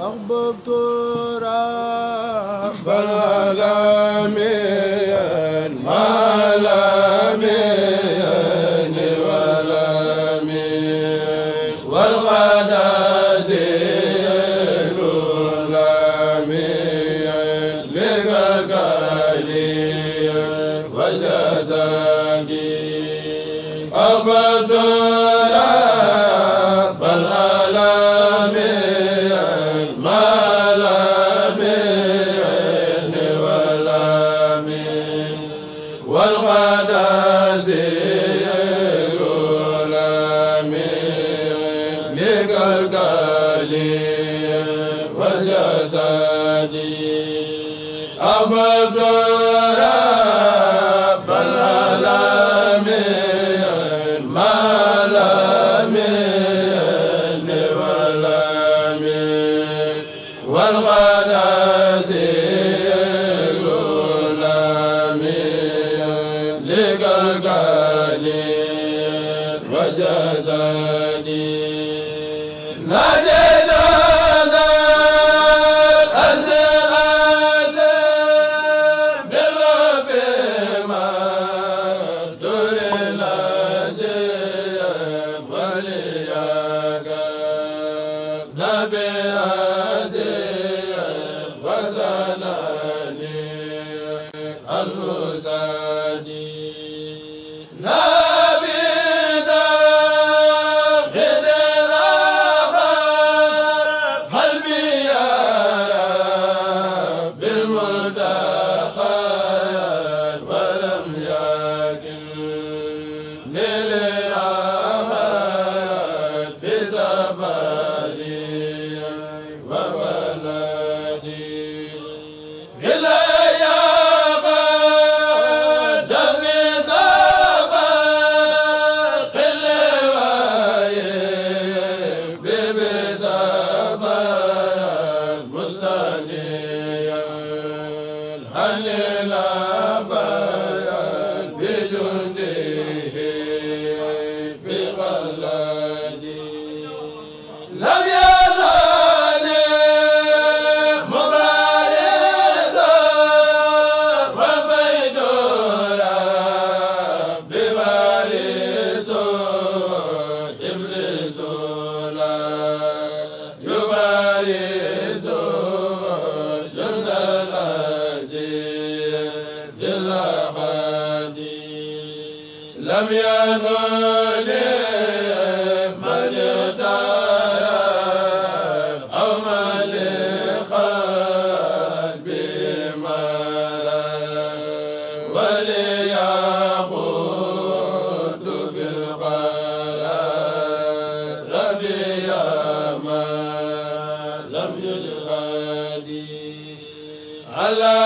أحببت رب العالمين المؤمنين lele ala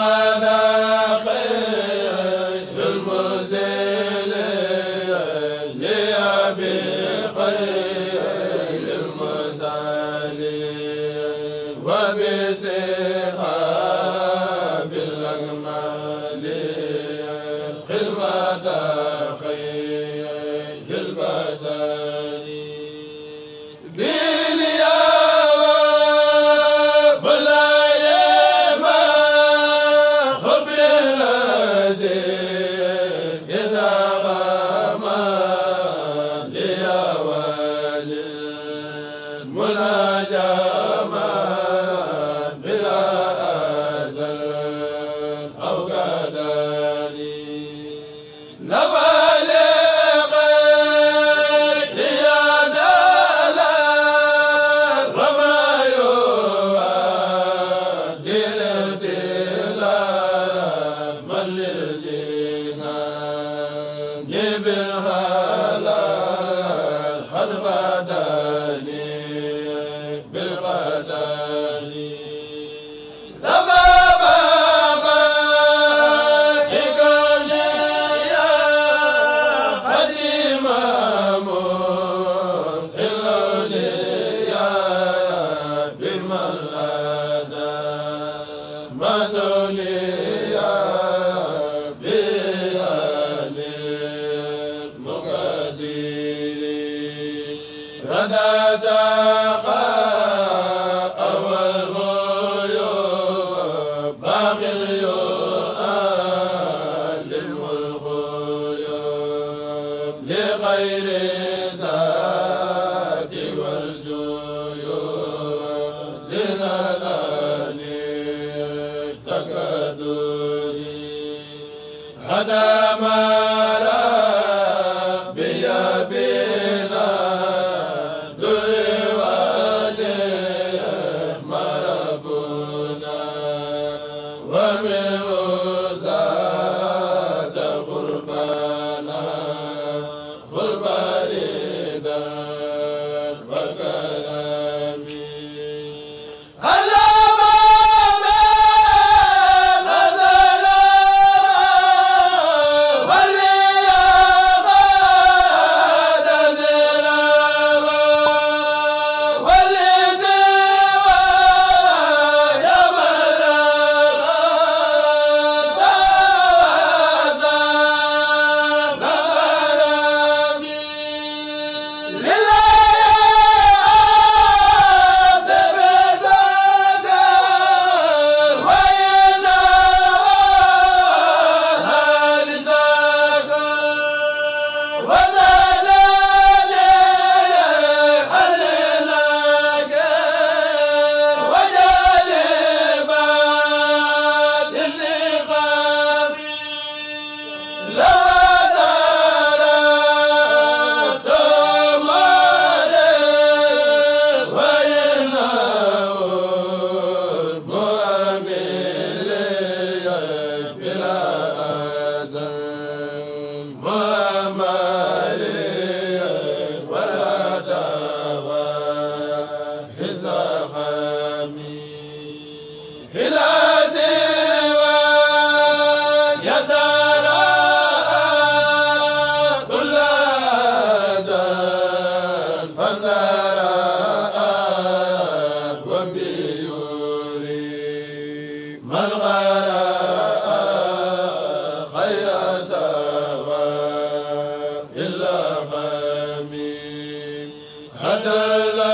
Ramadan wal mulajama xadama adala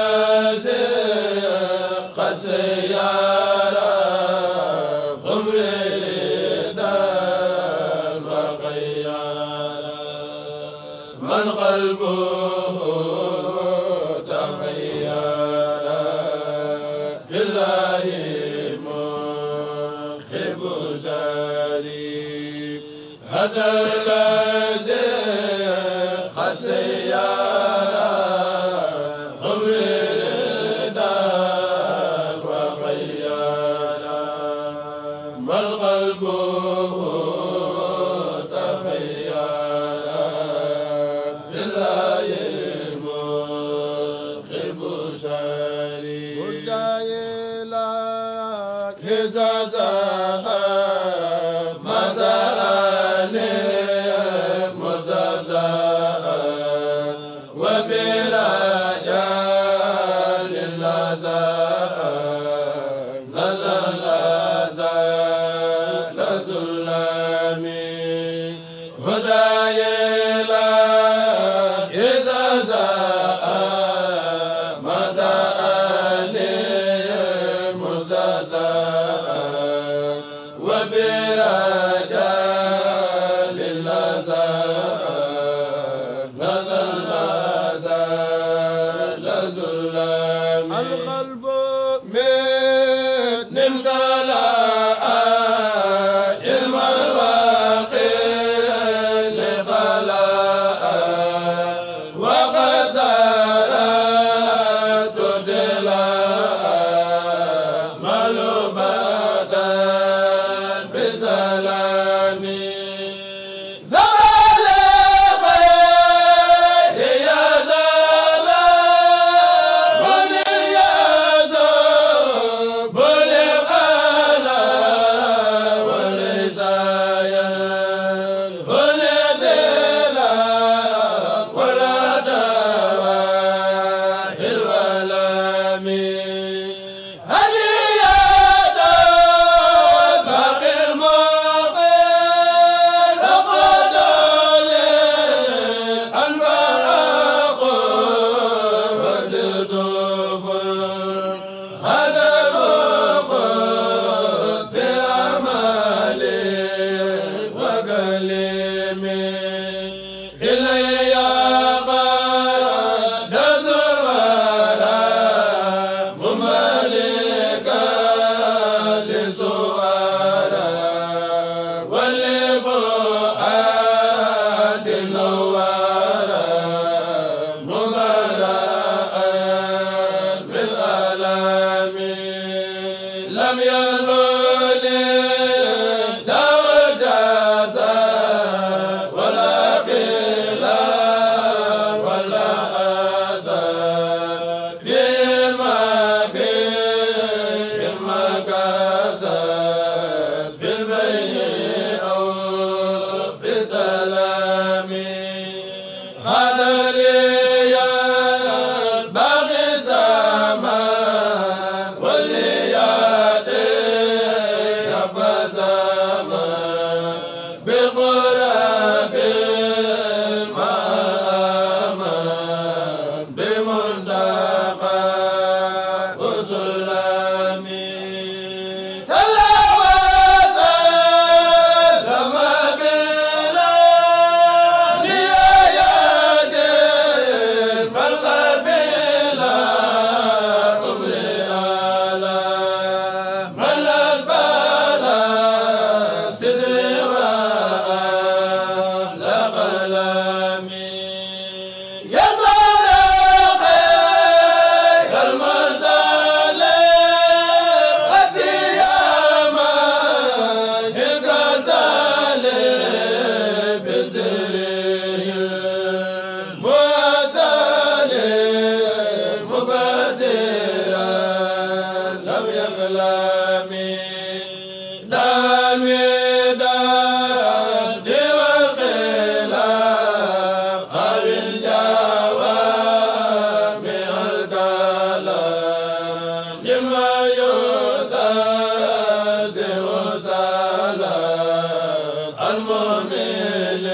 المؤمنين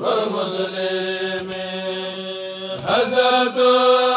والمسلمين حسبت